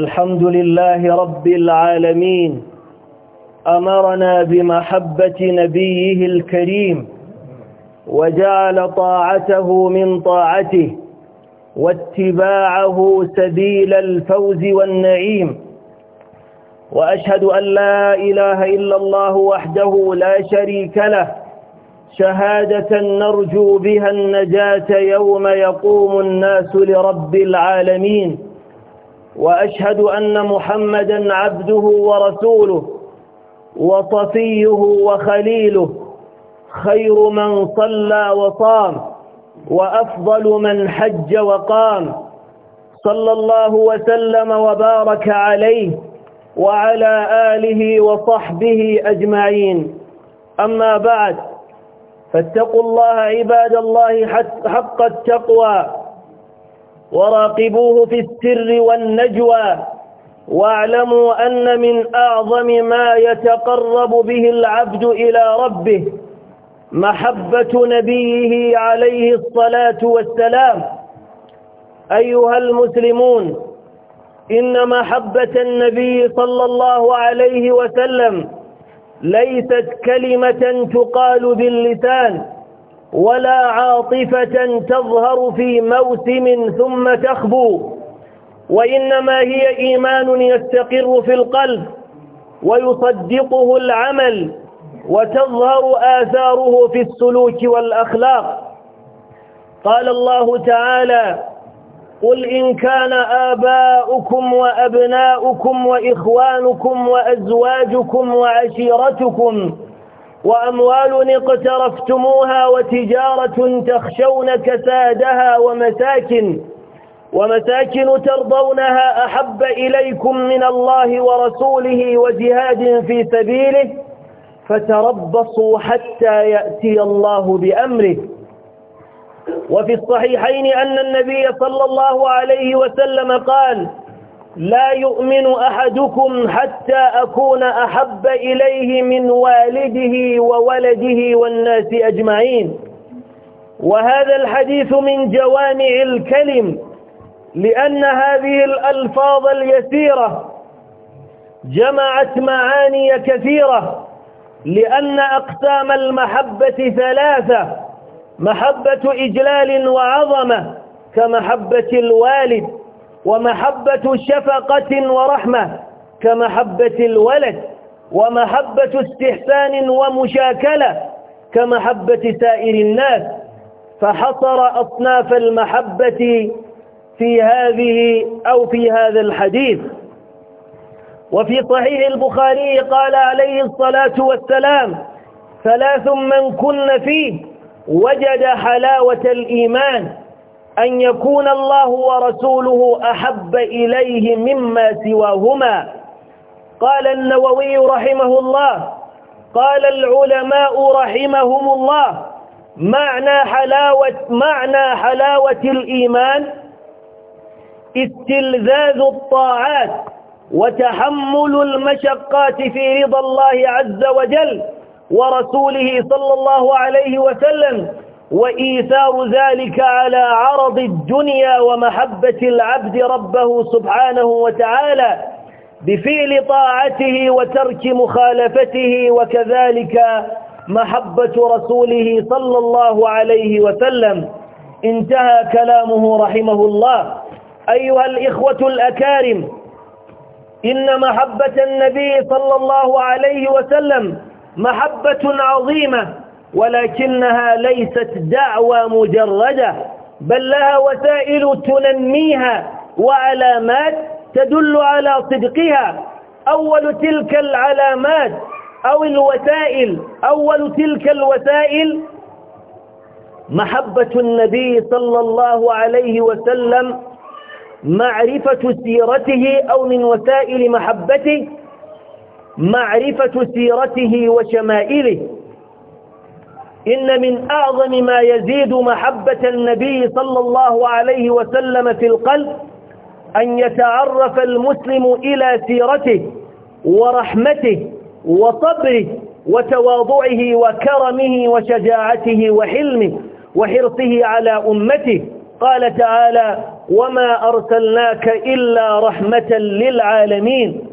الحمد لله رب العالمين أمرنا بمحبة نبيه الكريم وجعل طاعته من طاعته واتباعه سبيل الفوز والنعيم وأشهد أن لا إله إلا الله وحده لا شريك له شهادة نرجو بها النجاة يوم يقوم الناس لرب العالمين وأشهد أن محمدا عبده ورسوله وصفيه وخليله خير من صلى وصام وأفضل من حج وقام صلى الله وسلم وبارك عليه وعلى آله وصحبه أجمعين أما بعد فاتقوا الله عباد الله حق التقوى وراقبوه في السر والنجوى واعلموا أن من أعظم ما يتقرب به العبد إلى ربه محبة نبيه عليه الصلاة والسلام أيها المسلمون إن محبة النبي صلى الله عليه وسلم ليست كلمة تقال باللسان ولا عاطفة تظهر في موسم ثم تخبو وإنما هي إيمان يستقر في القلب ويصدقه العمل وتظهر آثاره في السلوك والأخلاق قال الله تعالى قل إن كان آباؤكم وأبناؤكم وإخوانكم وأزواجكم وعشيرتكم وأموال اقترفتموها وتجارة تخشون كسادها ومساكن ومساكن ترضونها أحب إليكم من الله ورسوله وجهاد في سبيله فتربصوا حتى يأتي الله بأمره وفي الصحيحين أن النبي صلى الله عليه وسلم قال لا يؤمن أحدكم حتى أكون أحب إليه من والده وولده والناس أجمعين وهذا الحديث من جوامع الكلم لأن هذه الألفاظ اليسيرة جمعت معاني كثيرة لأن أقسام المحبة ثلاثة محبة إجلال وعظمة كمحبة الوالد ومحبة شفقة ورحمة كمحبة الولد ومحبة استحسان ومشاكلة كمحبة سائر الناس فحصر أصناف المحبة في هذه أو في هذا الحديث وفي صحيح البخاري قال عليه الصلاة والسلام ثلاث من كن فيه وجد حلاوة الإيمان أن يكون الله ورسوله أحب إليه مما سواهما قال النووي رحمه الله قال العلماء رحمهم الله معنى حلاوة معنى حلاوة الإيمان استلذاذ الطاعات وتحمل المشقات في رضا الله عز وجل ورسوله صلى الله عليه وسلم وإيثار ذلك على عرض الدنيا ومحبة العبد ربه سبحانه وتعالى بفعل طاعته وترك مخالفته وكذلك محبة رسوله صلى الله عليه وسلم انتهى كلامه رحمه الله أيها الإخوة الأكارم إن محبة النبي صلى الله عليه وسلم محبة عظيمة ولكنها ليست دعوة مجردة بل لها وسائل تنميها وعلامات تدل على صدقها أول تلك العلامات أو الوسائل أول تلك الوسائل محبة النبي صلى الله عليه وسلم معرفة سيرته أو من وسائل محبته معرفة سيرته وشمائله إن من أعظم ما يزيد محبة النبي صلى الله عليه وسلم في القلب أن يتعرف المسلم إلى سيرته ورحمته وصبره وتواضعه وكرمه وشجاعته وحلمه وحرصه على أمته قال تعالى وما أرسلناك إلا رحمة للعالمين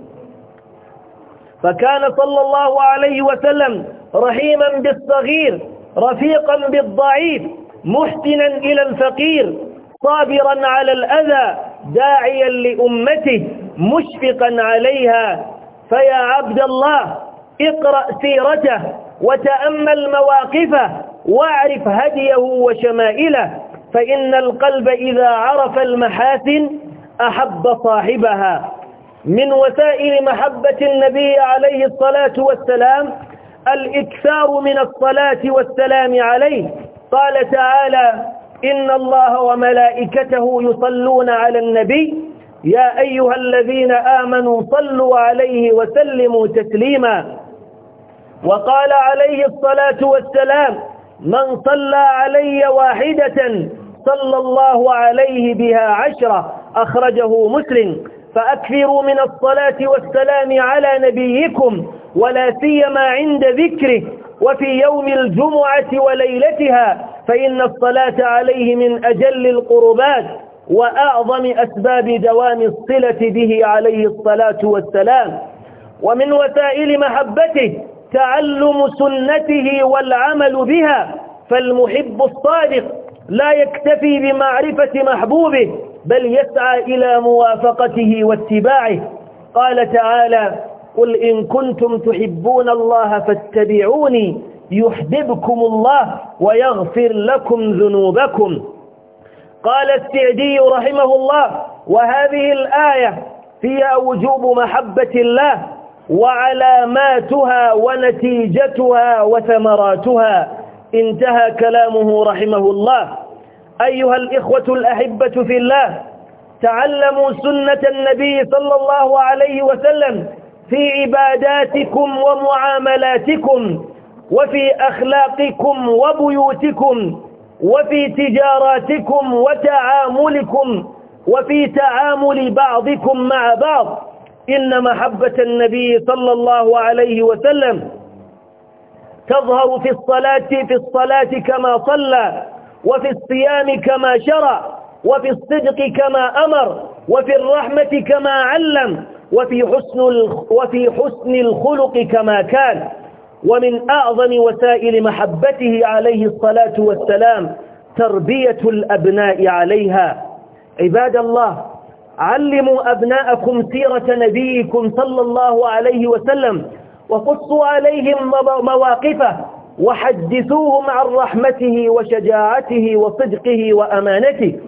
فكان صلى الله عليه وسلم رحيما بالصغير رفيقا بالضعيف محتنا إلى الفقير صابرا على الأذى داعيا لأمته مشفقا عليها فيا عبد الله اقرأ سيرته وتأمل مواقفه واعرف هديه وشمائله فإن القلب إذا عرف المحاسن أحب صاحبها من وسائل محبة النبي عليه الصلاة والسلام الإكثار من الصلاة والسلام عليه قال تعالى إن الله وملائكته يصلون على النبي يا أيها الذين آمنوا صلوا عليه وسلموا تسليما وقال عليه الصلاة والسلام من صلى علي واحدة صلى الله عليه بها عشرة أخرجه مسلم فأكثروا من الصلاة والسلام على نبيكم ولا سيما عند ذكره وفي يوم الجمعة وليلتها فإن الصلاة عليه من أجل القربات وأعظم أسباب دوام الصلة به عليه الصلاة والسلام ومن وسائل محبته تعلم سنته والعمل بها فالمحب الصادق لا يكتفي بمعرفة محبوبه بل يسعى إلى موافقته واتباعه قال تعالى قل إن كنتم تحبون الله فاتبعوني يحببكم الله ويغفر لكم ذنوبكم قال السعدي رحمه الله وهذه الآية فيها وجوب محبة الله وعلاماتها ونتيجتها وثمراتها انتهى كلامه رحمه الله أيها الإخوة الأحبة في الله تعلموا سنة النبي صلى الله عليه وسلم في عباداتكم ومعاملاتكم وفي أخلاقكم وبيوتكم وفي تجاراتكم وتعاملكم وفي تعامل بعضكم مع بعض إن محبة النبي صلى الله عليه وسلم تظهر في الصلاة في الصلاة كما صلى وفي الصيام كما شرع وفي الصدق كما أمر وفي الرحمة كما علم وفي حسن وفي حسن الخلق كما كان ومن أعظم وسائل محبته عليه الصلاة والسلام تربية الأبناء عليها عباد الله علموا أبناءكم سيرة نبيكم صلى الله عليه وسلم وقصوا عليهم مواقفه وحدثوهم عن رحمته وشجاعته وصدقه وأمانته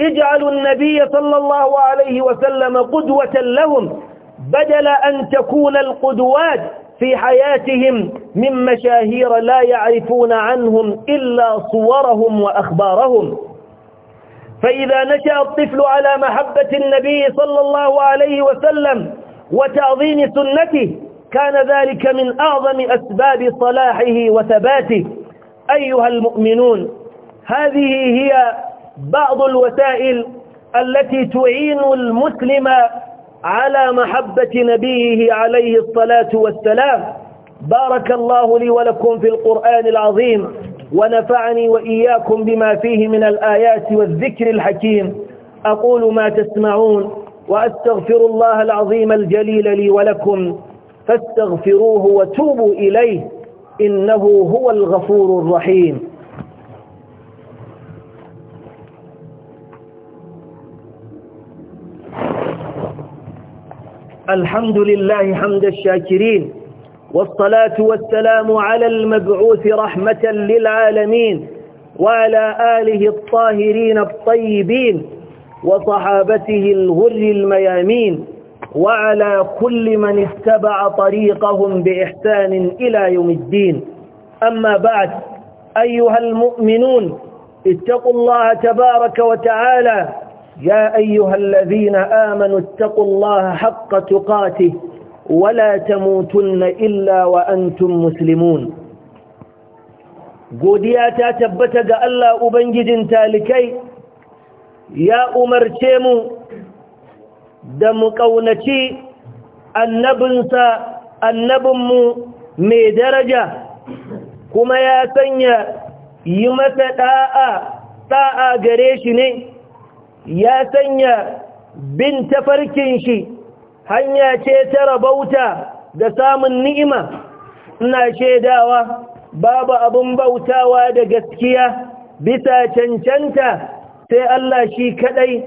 اجعلوا النبي صلى الله عليه وسلم قدوة لهم بدل أن تكون القدوات في حياتهم من مشاهير لا يعرفون عنهم إلا صورهم وأخبارهم فإذا نشأ الطفل على محبة النبي صلى الله عليه وسلم وتعظيم سنته كان ذلك من أعظم أسباب صلاحه وثباته أيها المؤمنون هذه هي بعض الوسائل التي تعين المسلم على محبة نبيه عليه الصلاة والسلام بارك الله لي ولكم في القرآن العظيم ونفعني وإياكم بما فيه من الآيات والذكر الحكيم أقول ما تسمعون وأستغفر الله العظيم الجليل لي ولكم فاستغفروه وتوبوا إليه إنه هو الغفور الرحيم الحمد لله حمد الشاكرين والصلاة والسلام على المبعوث رحمة للعالمين وعلى آله الطاهرين الطيبين وصحابته الغر الميامين وعلى كل من اتبع طريقهم بإحسان إلى يوم الدين أما بعد أيها المؤمنون اتقوا الله تبارك وتعالى يا أيها الذين آمنوا اتقوا الله حق تقاته ولا تموتن إلا وأنتم مسلمون godiya ta tabbata ga Allah Ubangijin talikai ya umarce mu da mu ƙaunaci annabinsa mu mai daraja kuma ya sanya yi masa ɗa'a ɗa'a gare shi ne ya sanya bin tafarkin shi hanya ce ta rabauta da samun ni'ima ina shaidawa babu abin bautawa da gaskiya bisa cancanta sai Allah shi kadai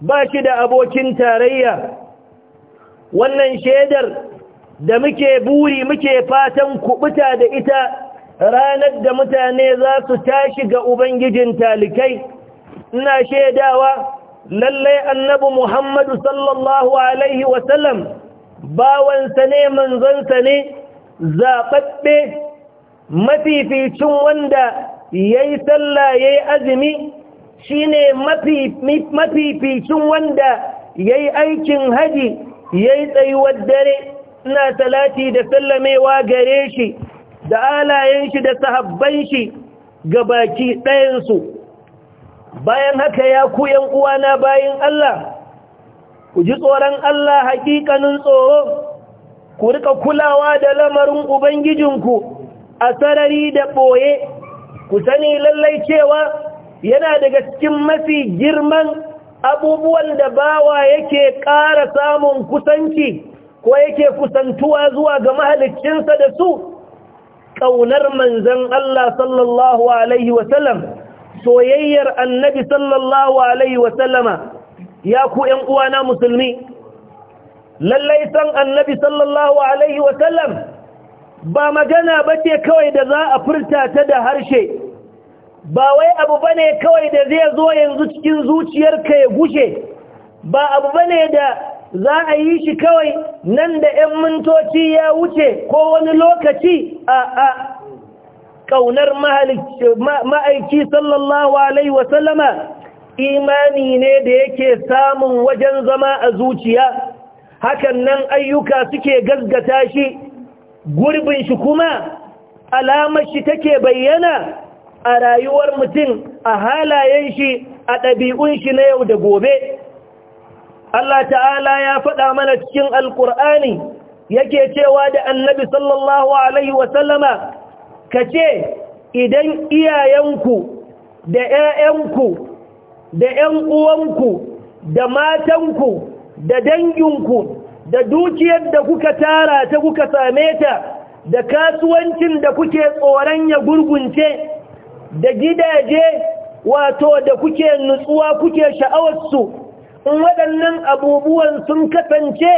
ba shi da abokin tarayya wannan shaidar da muke buri muke fatan kubuta da ita ranar da mutane za su tashi ga ubangijin talikai ina shaidawa lallai annabi Muhammadu sallallahu alaihi wasallam bawansa ne manzansa ne zaɓaɓɓe mafificin wanda ya yi sallah ya yi azumi shi ne mafificin wanda ya yi aikin haji ya yi tsayuwar dare na talati da sallamewa gare shi da alayen shi da sahabban shi ga baki ɗayansu bayan haka ya ku yan uwana bayan Allah ku ji tsoron Allah hakikanin tsoro ku rika kulawa da lamarin ubangijinku a sarari da boye ku sani lallai cewa yana daga cikin mafi girman abubuwan da bawa yake ƙara samun kusanci ko yake kusantuwa zuwa ga mahalicinsa da su ƙaunar manzan Allah sallallahu Alaihi wasallam soyayyar annabi sallallahu alaihi wasallama ya ku ‘yan uwana musulmi lallai san annabi sallallahu alaihi wasallam ba magana ba ce kawai da za a furta ta da harshe ba wai abu ba ne kawai da zai zo yanzu cikin zuciyarka ya gushe ba abu ba ne da za a yi shi kawai nan da ‘yan mintoci ya wuce ko wani lokaci a a ƙaunar ma'aiki sallallahu alaihi wasallama imani ne da yake samun wajen zama a zuciya hakan nan ayyuka suke gazgata shi gurbin shi kuma alamar shi take bayyana a rayuwar mutum a halayen shi a ɗabi'un shi na yau da gobe Allah ta'ala ya faɗa mana cikin alƙur'ani yake cewa da annabi sallallahu alaihi wasallama ka ce idan iyayenku da 'ya'yanku da 'yan uwanku da matanku da danginku da dukiyar da kuka tara ta kuka same ta da kasuwancin da kuke tsoron ya gurgunce da gidaje wato da kuke nutsuwa kuke sha'awarsu in waɗannan abubuwan sun kasance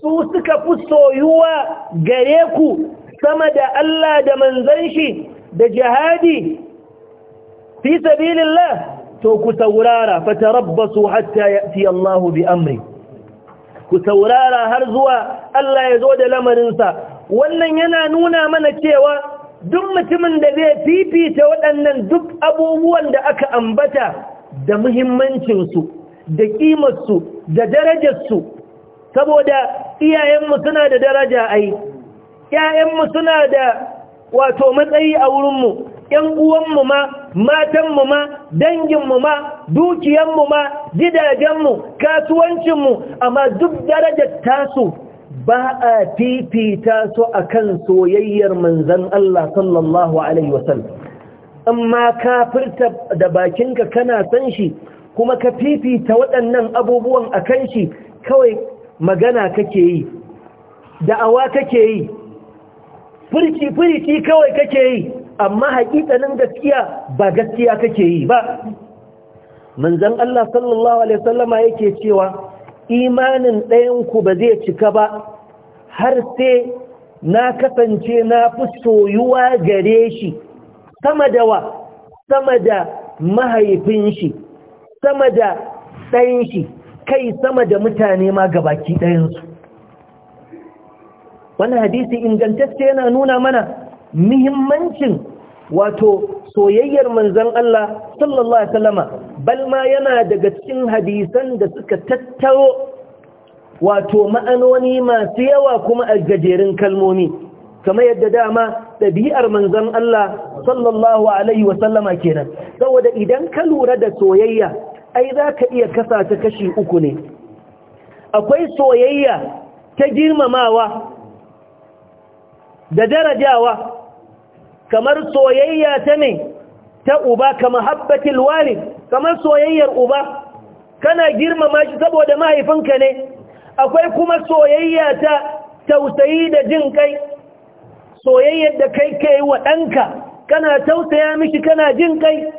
su suka fi soyuwa gare ku sama da Allah da manzan shi da jihadi fi sabilillah to ku saurara fatarabbasu hatta ya'ti Allah bi amri ku saurara har zuwa Allah ya zo da lamarinsa wannan yana nuna mana cewa duk mutumin da zai fifita waɗannan duk abubuwan da aka ambata da muhimmancinsu da ƙimarsu da darajarsu saboda iyayenmu suna da daraja ai Ya'yanmu suna da wato matsayi a wurinmu ‘yan uwanmu ma matanmu ma danginmu ma dukiyanmu ma gidajenmu kasuwancinmu amma duk darajar tasu ba a fifita su a kan soyayyar manzan Allah sallallahu Alaihi wasallam amma ka furta da bakinka kana san shi kuma ka fifita waɗannan abubuwan a kan shi kawai magana kake yi da'awa kake yi firci-firci kawai kake yi amma haƙiƙanin gaskiya ba gaskiya kake yi ba manzon Allah sallallahu alaihi wasallama yake cewa imanin ɗayan ku ba zai cika ba har sai na kasance na fi soyuwa gare shi sama da wa sama da mahaifin shi sama da ɗayan shi kai sama da mutane ma gabaki ɗayansu wannan hadisi ingantacce yana nuna mana muhimmancin wato soyayyar manzon Allah sallallahu alaihi wasallama bal ma yana daga cikin hadisan da suka tattaro wato ma'anoni masu yawa kuma a gajerun kalmomi kamar yadda dama ɗabi'ar manzon Allah sallallahu alaihi wasallama kenan saboda idan ka lura da soyayya ai za ka iya kasa ta kashi uku ne akwai soyayya ta girmamawa da darajawa kamar soyayya ta ne ta uba kama habbatil kamar soyayyar uba kana girmama shi saboda mahaifinka ne akwai kuma soyayya ta tausayi da jin kai soyayyar da kai kai wa ɗanka kana tausaya mishi kana jin kai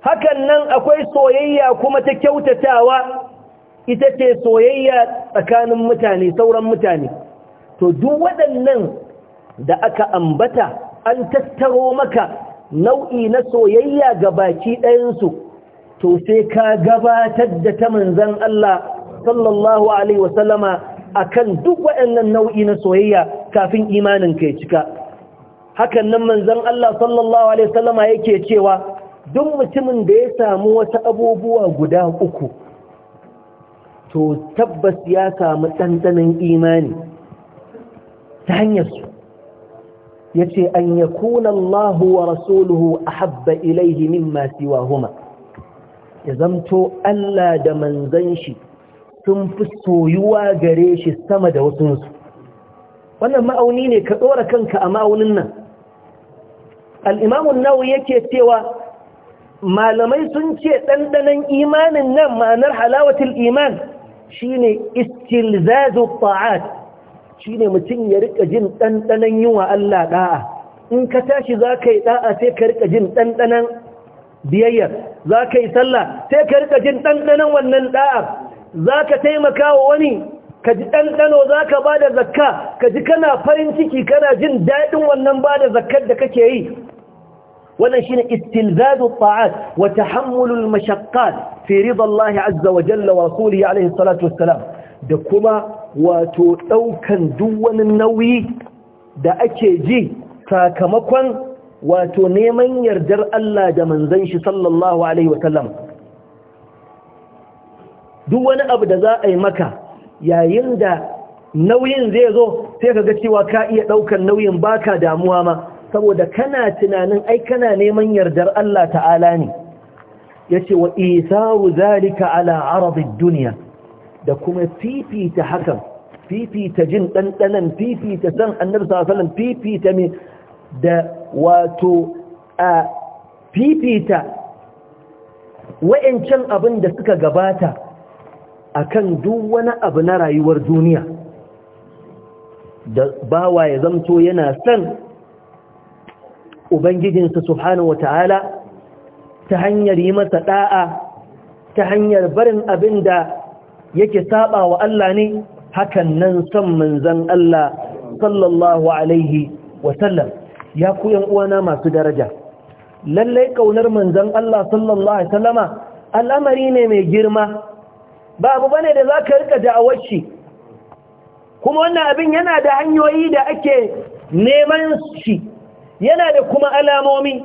hakan nan akwai soyayya kuma ta kyautatawa ita ce soyayya tsakanin mutane sauran mutane to duk waɗannan da aka ambata an tattaro maka nau'i na soyayya ga baki ɗayansu to sai ka gabatar da ta manzan Allah sallallahu alaihi wasallama akan duk waɗannan nau'i na soyayya kafin imanin ka cika hakan nan manzan Allah sallallahu alaihi wasallama yake cewa duk mutumin da ya samu wata abubuwa guda uku to tabbas ya samu ɗanɗanin imani ta hanyar su yace an yakuna Allahu wa rasuluhu ahabba ilayhi mimma siwahuma ya zamto Allah da manzon shi sun fi soyuwa gare shi sama da wasu wasunsu wannan ma'auni ne ka tsora kanka a ma'aunin nan al'imamun nawu yake cewa malamai sun ce ɗanɗanon imanin nan ma'anar halawatul iman shine istilzazu ta'at shine mutum ya rika jin ɗanɗanan yin wa Allah ɗa'a in ka tashi za ka yi ɗa'a sai ka rika jin ɗanɗanan biyayyar za ka yi sallah sai ka rika jin ɗanɗanan wannan ɗa'a za ka taimaka wa wani ka ji ɗanɗano za ka ba da zakka ka ji kana farin ciki kana jin daɗin wannan ba da zakkar da kake yi wannan shine istilzadu ta'at wa tahammulul mashaqqat fi ridha Allah azza wa jalla wa rasulihi alaihi salatu wassalam da kuma wato ɗaukan duk wani nauyi da ake ji sakamakon wato neman yardar Allah da manzan shi sallallahu Alaihi wasallam duk wani abu da za a yi maka yayin da nauyin zai zo sai ka ga cewa ka iya ɗaukan nauyin baka damuwa ma saboda kana tunanin ai kana neman yardar Allah ta'ala ne ya ce wa isaru zalika ala arabid duniya da kuma fifita hakan fifita jin ɗanɗanan fifita san annabi sallallahu fifita mai da wato a fifita wa'ancan abin da suka gabata a duk wani abu na rayuwar duniya da bawa ya zamto yana san ubangijinsa subhanahu wata'ala ta hanyar yi masa ɗa'a, ta hanyar barin abin da yake saba wa Allah ne hakan nan san manzan Allah sallallahu alaihi wasallam ya ku yan uwana masu daraja lallai kaunar manzan Allah sallallahu alaihi wasallama al'amari ne mai girma ba bane da zaka rika da'awar shi kuma wannan abin yana da hanyoyi da ake neman shi yana da kuma alamomi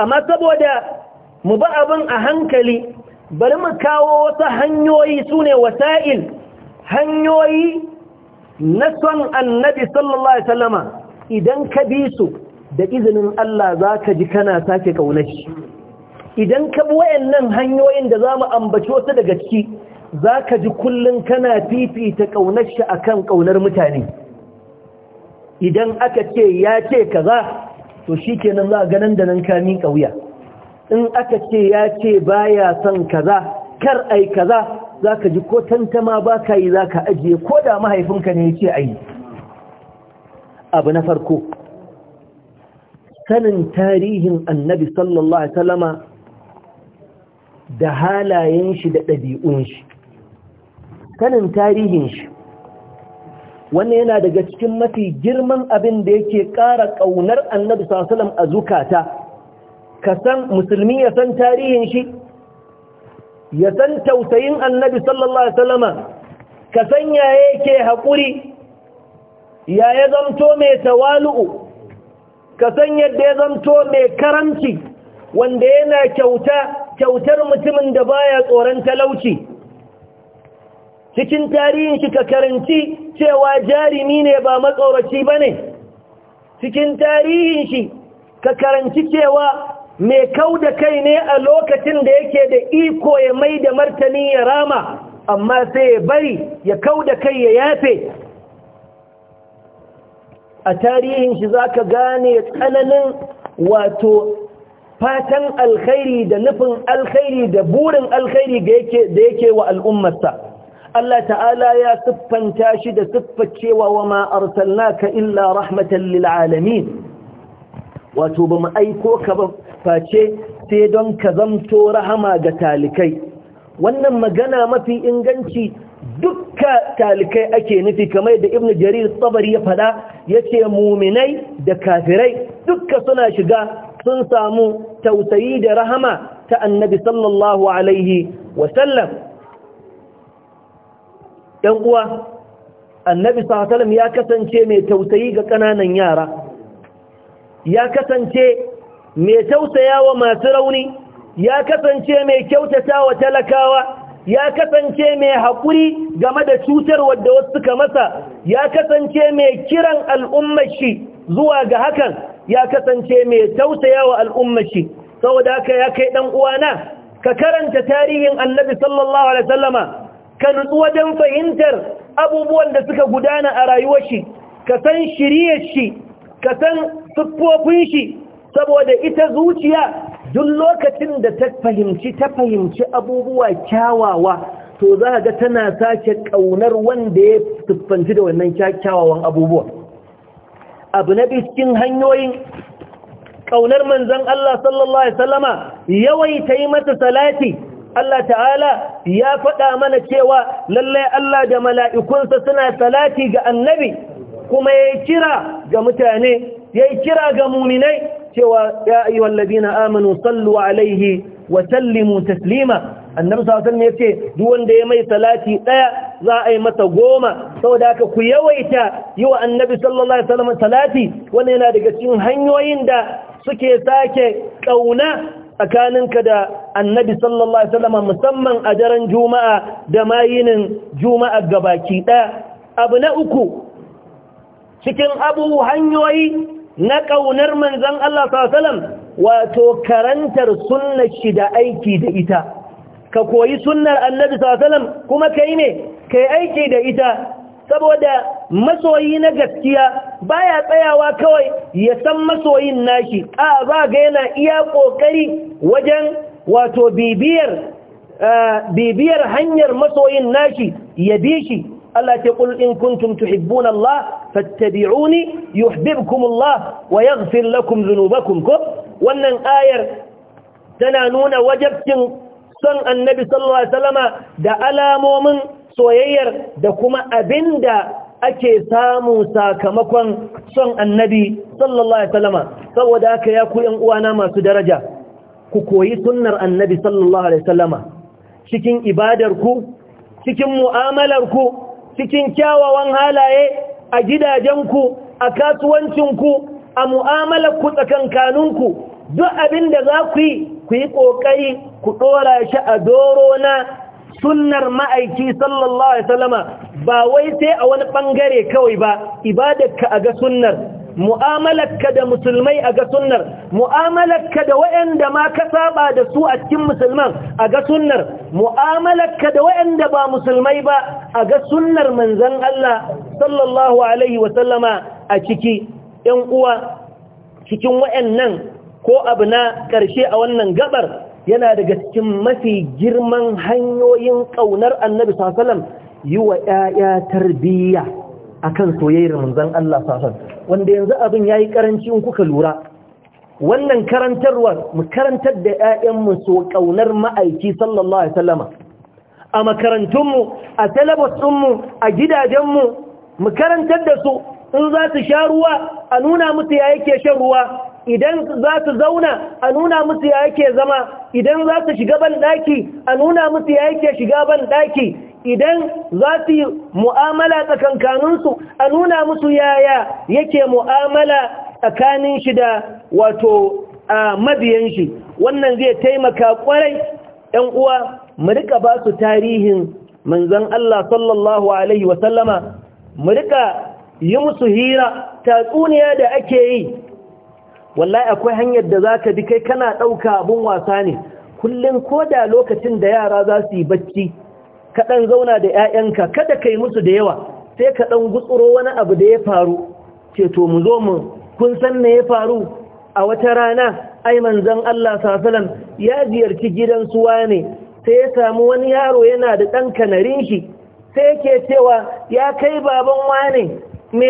amma saboda mu ba abin a hankali bari mu kawo wasu hanyoyi su ne wasa'il hanyoyi na son annabi sallallahu alaihi wasallama idan ka bi su da izinin Allah za ka ji kana sake shi. idan ka bi wayannan hanyoyin da za mu ambaci wasu daga ciki za ka ji kullum kana fifita ƙaunar shi akan ƙaunar mutane idan aka ce ya ce kaza to shi kenan za ganin da nan kami ƙauya in aka ce ya ce baya son kaza kar ai kaza zaka ji ko tantama ba ka yi zaka ajiye ko da mahaifinka ne yace ai abu na farko sanin tarihin annabi sallallahu alaihi wasallama da halayen shi da ɗabi'un shi sanin tarihin shi wannan yana daga cikin mafi girman abin da yake ƙara ƙaunar annabi sallallahu alaihi wasallam a zukata ka san musulmi ya san tarihin shi ya san tausayin annabi sallallahu alaihi wasallama ka san ya yake haƙuri ya ya zamto mai tawalu'u ka san yadda ya zamto mai karamci wanda yana kyauta kyautar mutumin da baya tsoron talauci cikin tarihin shi ka karanci cewa jarimi ne ba matsoraci bane cikin tarihin shi ka karanci cewa mai kau da kai ne a lokacin da yake da iko ya mai da martani ya rama amma sai ya bari ya kau da kai ya yafe a tarihin shi za ka gane tsananin wato fatan alkhairi da nufin alkhairi da burin alkhairi da yake wa al'ummarsa Allah ta'ala ya siffanta shi da siffacewa wa ma arsalnaka illa rahmatan lil'alamin Wato ba bamu aiko ka ba face sai don ka zamto rahama ga talikai wannan magana mafi inganci dukka talikai ake nufi kamar da ibnu jarir tsabari ya ya ce muminai da kafirai dukka suna shiga sun samu tausayi da rahama ta annabi sallallahu alaihi wasallam ɗan uwa annabi sallallahu ya kasance mai tausayi ga ƙananan yara ya kasance mai tausayawa masu rauni ya kasance mai kyautata wa talakawa ya kasance mai haƙuri game da cutar wadda wasu suka masa ya kasance mai kiran al'ummashi shi zuwa ga hakan ya kasance mai tausayawa al'ummar shi saboda haka ya kai ɗan uwana ka karanta tarihin annabi sallallahu alaihi ka nutsu wajen fahimtar abubuwan da suka gudana a rayuwar shi ka san shiriyar shi ka san siffofin shi saboda ita zuciya duk lokacin da ta fahimci ta fahimci abubuwa kyawawa to za ga tana sake kaunar wanda ya tuffanci da wannan kyawawan abubuwa abu na cikin hanyoyin kaunar manzon Allah sallallahu alaihi ta yawaita yi mata salati Allah ta'ala ya faɗa mana cewa lallai Allah da mala'ikunsa suna salati ga annabi kuma ya kira ga mutane ya kira ga muminai cewa ya ayyuhal ladina amanu sallu alaihi wa sallimu taslima annabi sallallahu alaihi wasallam yace duk wanda ya mai salati daya za a yi masa goma saboda haka ku yawaita yi wa annabi sallallahu alaihi wasallam salati wannan yana daga cikin hanyoyin da suke sake kauna tsakaninka da annabi sallallahu alaihi wasallam musamman a daren juma'a da mayinin juma'a gabaki daya abu na uku cikin abu hanyoyi na ƙaunar manzan Allah sallam wato karantar sunnar shi da aiki da ita ka koyi sunnar annabi sallam kuma yi ne kai aiki da ita saboda masoyi na gaskiya baya tsayawa kawai ya san masoyin nashi a ba ga yana iya ƙoƙari wajen wato bibiyar eh, hanyar masoyin nashi ya bi shi Allah ce kul in kuntum tuhibbuna Allah fattabi'uni yuhibbukum Allah wa yaghfir lakum dhunubakum ko wannan ayar tana nuna wajabcin son annabi sallallahu alaihi wasallama da alamomin soyayyar da kuma abinda ake samu sakamakon son annabi sallallahu alaihi wasallama saboda haka ya ku yan uwana masu daraja ku koyi sunnar annabi sallallahu alaihi wasallama cikin ku cikin ku. cikin kyawawan halaye a gidajenku a kasuwancinku a mu'amalarku tsakankaninku duk abin da za ku yi ku yi ƙoƙari ku ɗora shi a doro na sunnar ma'aiki sallallahu alaihi wasallama ba wai sai a wani ɓangare kawai ba ibadarka a ga sunnar mu'amalarka da musulmai a ga sunnar mu'amalarka da waɗanda ma ka saba da su a cikin musulman a ga sunnar mu'amalarka da waɗanda ba musulmai ba a ga sunnar manzon Allah sallallahu alaihi wa sallama a ciki ɗan uwa cikin waɗannan ko abu na ƙarshe a wannan gabar yana daga cikin mafi girman hanyoyin ƙaunar annabi sallallahu alaihi wa sallam yi wa 'ya'ya tarbiyya akan soyayyar manzon Allah sallallahu wanda yanzu abin yayi karanci in kuka lura wannan karantarwar mu karantar da ƴaƴanmu so ƙaunar ma'aiki sallallahu alaihi wasallama a makarantunmu a talabatunmu a gidajenmu mu karantar da su in za su sha ruwa a nuna musu ya yake shan ruwa idan za su zauna a nuna musu ya yake zama idan za su shiga banɗaki a nuna musu ya yake shiga banɗaki idan za su yi mu'amala tsakankaninsu a nuna musu yaya yake mu'amala tsakanin shi da wato mabiyan shi wannan zai taimaka kwarai ‘yan uwa mu rika ba su tarihin manzan Allah sallallahu Alaihi wasallama mu rika yi musu hira tatsuniya da ake yi wallahi akwai hanyar da za ka bi kai kana ɗauka abin wasa ne kullum ko da lokacin da yara za su yi bacci Kaɗan zauna da 'ya'yanka kada ka yi musu da yawa sai ka ɗan gutsuro wani abu da ya faru ce to mu zo mu kun san me ya faru a wata rana ai manzon Allah sasalam ya ziyarci gidan suwa ne sai ya samu wani yaro yana da ɗan kanarin shi sai ke cewa ya kai baban wane me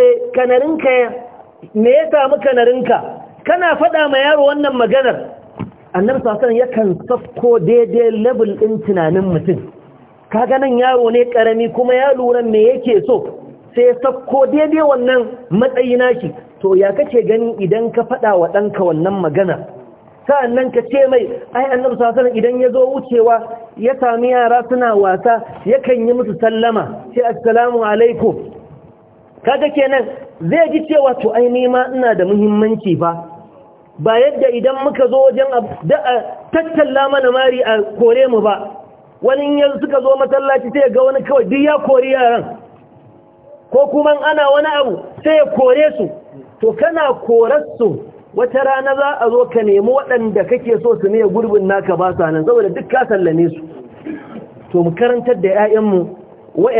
me ya samu kanarinka kana faɗa ma yaro wannan maganar annabi sasalam yakan safko daidai level ɗin tunanin mutum kaga nan yaro ne karami kuma ya lura me yake so sai ya sakko daidai wannan matsayi naki. to ya kace gani idan ka faɗa wa ɗanka wannan magana sa'annan ka ce mai ai annabi sallallahu idan ya zo wucewa ya sami yara suna wasa yakan yi musu sallama sai assalamu alaikum kaga kenan zai ji cewa to ai ni ma ina da muhimmanci ba ba yadda idan muka zo wajen da tattalla mana mari a kore mu ba wani yanzu suka zo masallaci sai ga wani kawai duk ya kori yaran ko kuma ana wani abu sai ya kore su to kana korarsu wata rana za a zo ka nemi waɗanda kake so su ne gurbin naka ba sa nan saboda duk ka sallame su to mu karantar da 'ya'yanmu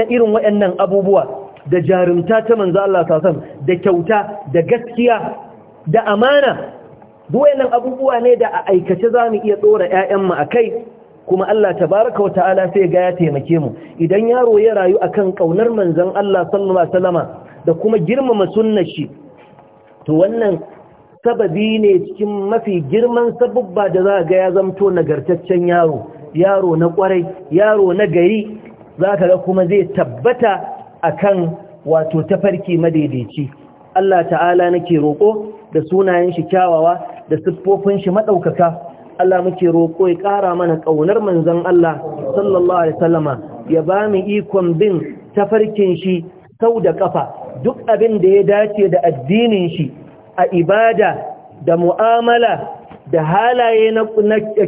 irin waɗannan abubuwa da jarumta ta manzo Allah sasan da kyauta da gaskiya da amana duk waɗannan abubuwa ne da a aikace za mu iya tsora 'ya'yanmu a kai kuma Allah tabaraka wa ta'ala sai ga ya taimake mu idan yaro ya rayu akan kaunar manzon Allah sallallahu alaihi wasallama da kuma girmama sunnar shi to wannan sababi ne cikin mafi girman sabubba da za ga ya zamto nagartaccen yaro yaro na kwarai yaro na gari za ka ga kuma zai tabbata akan wato tafarki madaidaici Allah ta'ala nake roƙo da sunayen shi kyawawa da siffofin shi maɗaukaka Allah muke roƙo ya ƙara mana ƙaunar manzon Allah sallallahu alaihi ya ba mu ikon bin tafarkin shi sau da ƙafa, duk abin da ya dace da addinin shi a ibada da mu'amala da halaye na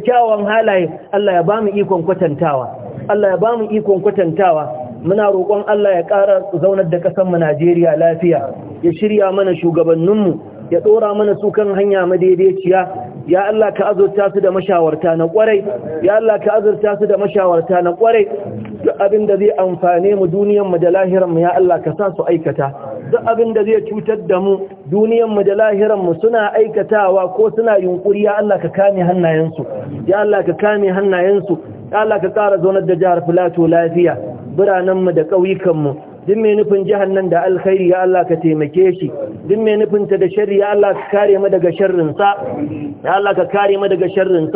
kyawun halaye Allah ya ba mu ikon kwatantawa Allah ya ba mu ikon kwatantawa muna roƙon Allah ya ƙara zaunar da ƙasar mu Najeriya lafiya ya shirya mana shugabanninmu ya ɗora mana su kan hanya madaidaiciya ya Allah ka azurta su da mashawarta na kwarai ya Allah ka azurta su da mashawarta na kwarai duk abin da zai amfane mu duniyar mu da lahiran mu ya Allah ka sa su aikata duk abin da zai cutar da mu duniyar mu da lahiran mu suna aikatawa ko suna yunkuri ya Allah ka kame hannayensu ya Allah ka kame hannayensu ya Allah ka ƙara zaunar da jihar Filato lafiya biranenmu da ƙauyukanmu duk mai nufin jihar nan da alkhairi ya Allah ka taimake shi duk mai nufin ta da sharri ya Allah ka kare mu daga sharrinsa? ya Allah ka kare mu daga sharrin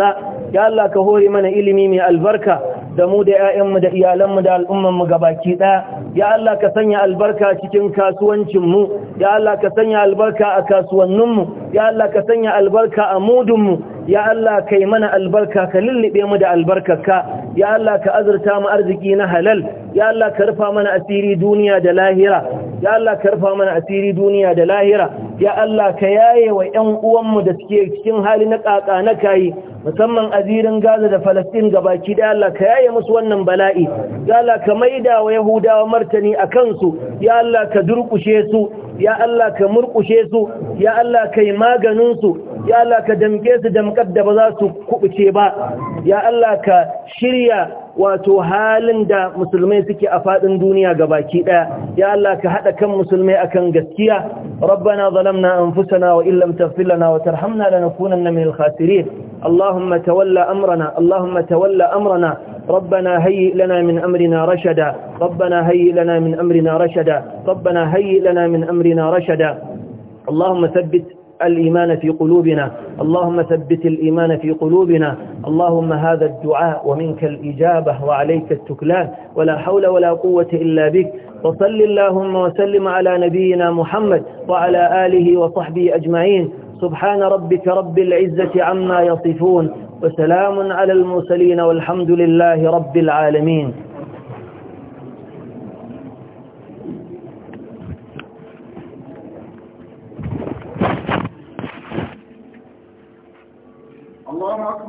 ya Allah ka hore mana ilimi mai albarka da mu da 'ya'yanmu da iyalanmu da al'umman mu gabaki ɗaya ya Allah ka sanya albarka cikin kasuwancinmu ya Allah ka sanya albarka a kasuwanninmu ya Allah ka sanya albarka a mudunmu ya Allah ka yi mana albarka ka lullube mu da albarkarka ya Allah ka azurta mu arziki na halal ya Allah ka rufa mana asiri duniya da lahira ya Allah ka rufa mana asiri duniya da lahira ya Allah ka yaye wa ƴan uwanmu da suke cikin hali na ƙaƙa na kayi musamman azirin Gaza da Falastin ga baki da Allah ka yaye musu wannan bala'i ya Allah ka maida wa Yahudawa martani a kansu ya Allah ka durkushe su ya Allah ka murkushe su ya Allah ka yi maganin su ya Allah ka damke su damkar da ba za su kubuce ba ya Allah ka shirya wato halin da musulmai suke a fadin duniya gabaki daya ya Allah ka hada kan musulmai akan gaskiya rabbana zalamna anfusana wa illam taghfir lana wa tarhamna lanakunanna minal khasirin allahumma tawalla amrana allahumma tawalla amrana ربنا هيئ لنا من أمرنا رشدا ربنا هيئ لنا من أمرنا رشدا ربنا هيئ لنا من أمرنا رشدا اللهم ثبت الإيمان في قلوبنا اللهم ثبت الإيمان في قلوبنا اللهم هذا الدعاء ومنك الإجابة وعليك التكلان ولا حول ولا قوة إلا بك وصل اللهم وسلم على نبينا محمد وعلى آله وصحبه أجمعين سبحان ربك رب العزة عما يصفون وسلام على المرسلين والحمد لله رب العالمين الله أكبر